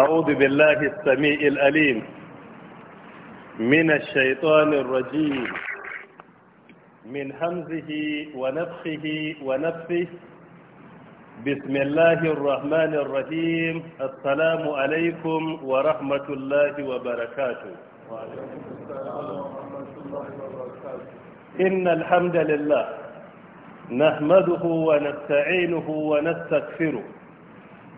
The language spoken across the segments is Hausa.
أعوذ بالله السميع الأليم من الشيطان الرجيم من همزه ونفخه ونفثه بسم الله الرحمن الرحيم السلام عليكم ورحمة الله وبركاته وعليكم السلام ورحمة الله وبركاته إن الحمد لله نحمده ونستعينه ونستغفره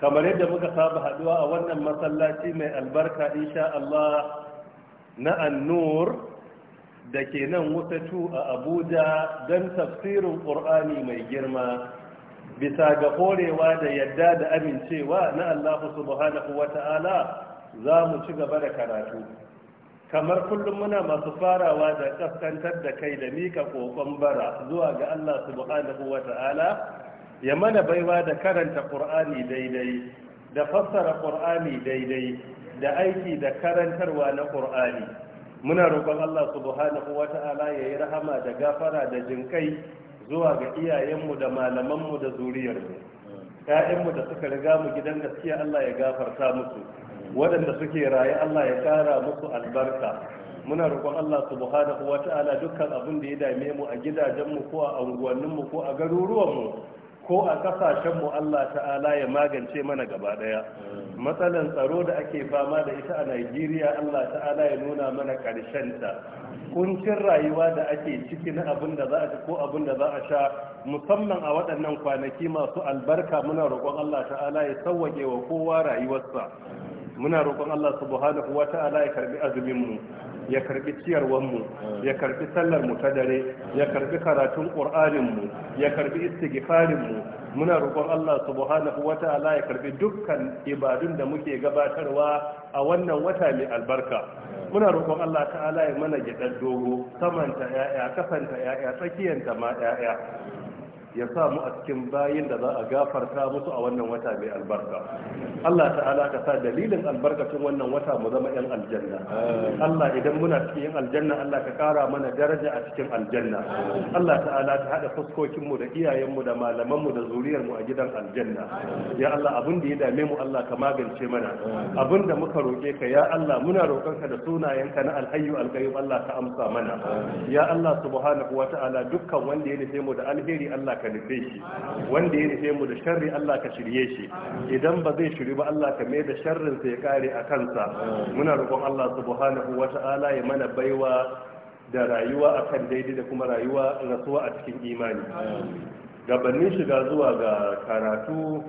kamar yadda muka saba haduwa a wannan masallaci mai albarka insha Allah na annur da ke nan wuta tu a abuja don tafsirin ƙur'ani mai girma bisa ga korewa da yadda da amincewa na Allah subhanahu wata'ala za mu ci gaba da karatu kamar kullum muna masu farawa da kaskantar da kai da mika kokon bara zuwa ga allah subhanahu wata'ala ya mana baiwa da karanta ƙur'ani daidai da fassara ƙur'ani daidai da aiki da karantarwa na ƙur'ani muna roƙon Allah subhanahu wata'ala ya yi rahama da gafara da jinkai zuwa ga iyayenmu da malamanmu da zuriyarmu ƴaƴanmu da suka riga mu gidan gaskiya Allah ya gafarta musu waɗanda suke raye Allah ya ƙara musu albarka muna roƙon Allah subhanahu wata'ala dukkan abin da ya dame mu a gidajenmu ko a unguwanninmu ko a garuruwanmu ko a mu Allah ta'ala ya magance mana gaba daya matsalan tsaro da ake fama da ita a Najeriya Allah ta'ala ya nuna mana karshen ta kuncin rayuwa da ake ciki na abin da za a ci ko abin da za a sha musamman a waɗannan kwanaki masu albarka muna roƙon Allah ta'ala ya sauwake wa kowa rayuwarsa muna roƙon Allah subhanahu wa ta'ala ya karbi azumin mu ya karbi ciyarwar mu ya karbi sallar mu ta dare ya karbi karatun qur'anin mu ya karbi istighfarin mu muna roƙon Allah subhanahu wataala ya karbi dukkan ibadun da muke gabatarwa a wannan wata mai albarka muna roƙon Allah ta'ala ya mana gidan dogo samanta ya'ya kafanta ya'ya tsakiyanta ma ya'ya ya sa mu a cikin bayin da za a gafarta musu a wannan wata mai albarka Allah ta'ala ka sa dalilin albarkacin wannan wata mu zama yan aljanna Allah idan muna cikin yan aljanna Allah ka kara mana daraja a cikin aljanna Allah ta'ala ta hada fuskokin mu da iyayen mu da malaman mu da zuriyar mu a gidan aljanna ya Allah abin da ya dame mu Allah ka magance mana abin da muka roke ka ya Allah muna roƙon ka da sunayenka na alhayyu alqayyum Allah ka amsa mana ya Allah subhanahu wata'ala dukkan wanda ya nufe mu da alheri Allah ka nufe shi wanda ya nufe mu da sharri Allah ka shirye shi idan ba zai shiri ba Allah ka mai da sharrin sa ya kare a kansa muna roƙon Allah wata ala ya mana baiwa da rayuwa akan daidai da kuma rayuwa rasuwa a cikin imani gabanin shiga zuwa ga karatu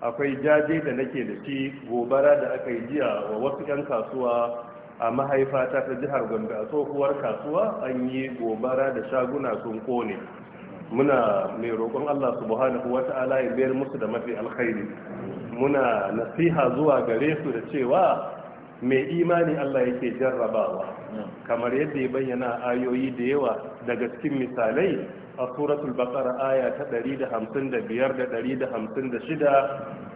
akwai jaje da nake da shi gobara da aka yi jiya wa wasu 'yan kasuwa a mahaifata ta jihar gombe a tsohuwar kasuwa an yi gobara da shaguna sun kone muna mai roƙon Allah subhanahu ta'ala ya bayar musu da mafi alkhairi muna nasiha zuwa gare su da cewa mai imani Allah yake jarrabawa kamar yadda ya bayyana ayoyi da yawa daga cikin misalai a suratul baqara aya ta 155 da 156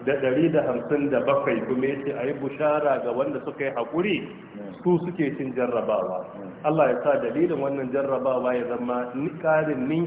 da 157 kuma yace ayi bushara ga wanda suka yi hakuri su suke cin jarrabawa Allah ya sa dalilin wannan jarrabawa ya zama ni karin